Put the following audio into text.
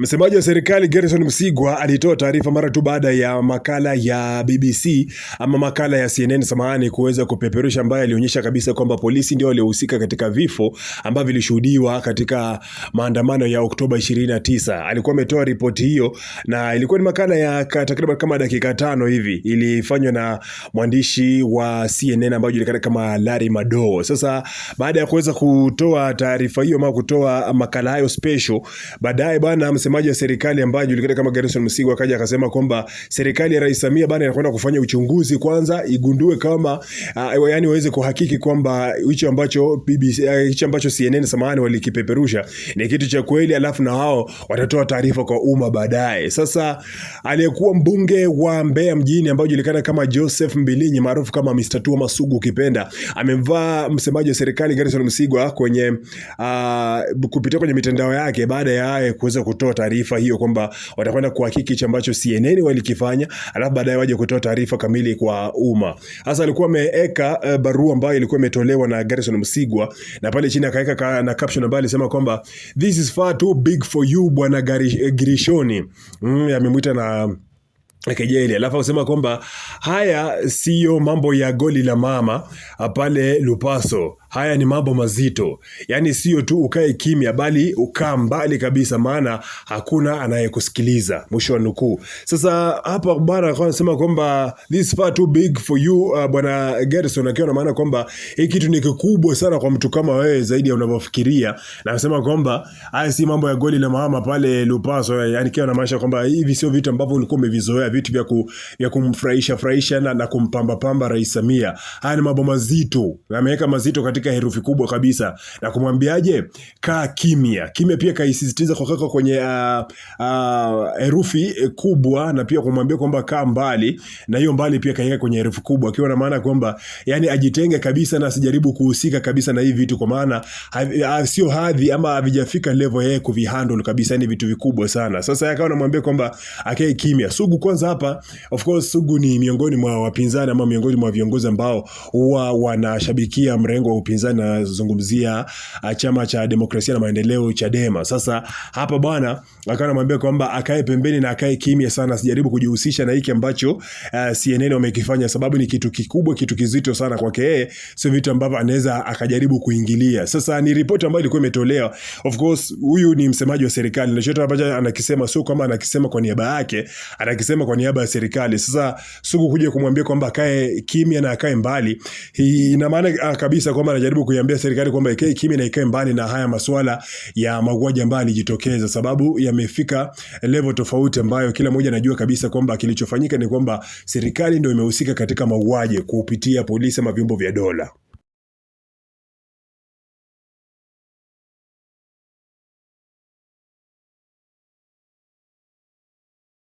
Msemaji wa serikali Gerson Msigwa alitoa taarifa mara tu baada ya makala ya BBC ama makala ya CNN samahani, kuweza kupeperusha, ambayo alionyesha kabisa kwamba polisi ndio waliohusika katika vifo ambavyo vilishuhudiwa katika maandamano ya Oktoba 29. Alikuwa ametoa ripoti hiyo na ilikuwa ni makala ya takriban kama dakika tano hivi, ilifanywa na mwandishi wa CNN ambaye anajulikana kama Larry Madowo. Sasa baada ya kuweza kutoa taarifa hiyo ama kutoa makala hayo special, baadaye bwana msemaji wa serikali ambaye anajulikana kama Gerson Msigwa akaja akasema kwamba serikali ya Rais Samia bana inakwenda kufanya uchunguzi kwanza, igundue kama uh, yani waweze kuhakiki kwamba hicho ambacho BBC ah, hicho ambacho CNN samahani, walikipeperusha ni kitu cha kweli, alafu na wao watatoa taarifa kwa umma baadaye. Sasa aliyekuwa mbunge wa Mbeya mjini ambaye anajulikana kama Joseph Mbilinyi maarufu kama Mr. Tuoma Masugu ukipenda, amemvaa msemaji wa serikali Gerson Msigwa kwenye uh, kupitia kwenye mitandao yake baada ya kuweza kutoa taarifa hiyo kwamba watakwenda kuhakiki hicho ambacho CNN walikifanya, alafu baadaye waje kutoa taarifa kamili kwa umma. Sasa alikuwa ameeka uh, barua ambayo ilikuwa imetolewa na Garrison Msigwa na pale chini akaweka ka, na caption ambayo alisema kwamba this is far too big for you bwana eh, Girishoni. Mm, amemwita na kejeli alafu akusema kwamba haya siyo mambo ya goli la mama ah, pale Lupaso. Haya ni mambo mazito, yaani siyo tu ukae kimya, bali ukaa mbali kabisa, maana hakuna anayekusikiliza. Mwisho wa nukuu. Sasa hapa bwana anasema kwamba this far too big for you uh, bwana Gerson, akiwa na maana kwamba hii kitu ni kikubwa sana kwa mtu kama wewe zaidi ya unavyofikiria, na anasema kwamba haya si mambo ya goli la mama pale Lupaso, yaani kiwa na maanisha kwamba hivi sio vitu ambavyo ulikuwa umevizoea na vitu vya, ku, vya kumfurahisha furahisha na, na kumpamba pamba Rais Samia. Haya ni mambo mazito, ameweka mazito katika herufi kubwa kabisa na kumwambiaje, kaa kimya. Kimya pia kaisisitiza kwa kaka kwenye uh, uh, herufi kubwa, na pia kumwambia kwamba kaa mbali, na hiyo mbali pia kaweka kwenye herufi kubwa, akiwa na maana kwamba yani ajitenge kabisa na asijaribu kuhusika kabisa na hivi vitu, kwa maana ah, sio hadhi ama havijafika level yeye kuvihandle kabisa, ni vitu vikubwa sana. Sasa yakawa namwambia kwamba akae kimya sugu kwanza kwanza hapa, of course, Sugu ni miongoni mwa wapinzani ama miongoni mwa viongozi ambao huwa wanashabikia mrengo wa upinzani, nazungumzia ah, chama cha demokrasia na maendeleo Chadema. Sasa hapa bwana akawa anamwambia kwamba akae pembeni na akae kimya sana, sijaribu kujihusisha na hiki ambacho uh, ah, CNN wamekifanya, sababu ni kitu kikubwa, kitu kizito sana kwake yeye, sio vitu ambavyo anaweza akajaribu kuingilia. Sasa ni ripoti ambayo ilikuwa imetolewa, of course, huyu ni msemaji wa serikali, na chochote anakisema sio kama anakisema kwa niaba yake, anakisema kwa niaba ya serikali. Sasa siku kuja kumwambia kwamba akae kimya na akae mbali, ina maana ah, kabisa kwamba anajaribu kuiambia serikali kwamba ikae kimya na ikae mbali na haya masuala ya mauaji ambayo alijitokeza, sababu yamefika level tofauti ambayo kila mmoja anajua kabisa kwamba kilichofanyika ni kwamba serikali ndio imehusika katika mauaji kupitia polisi ama vyombo vya dola.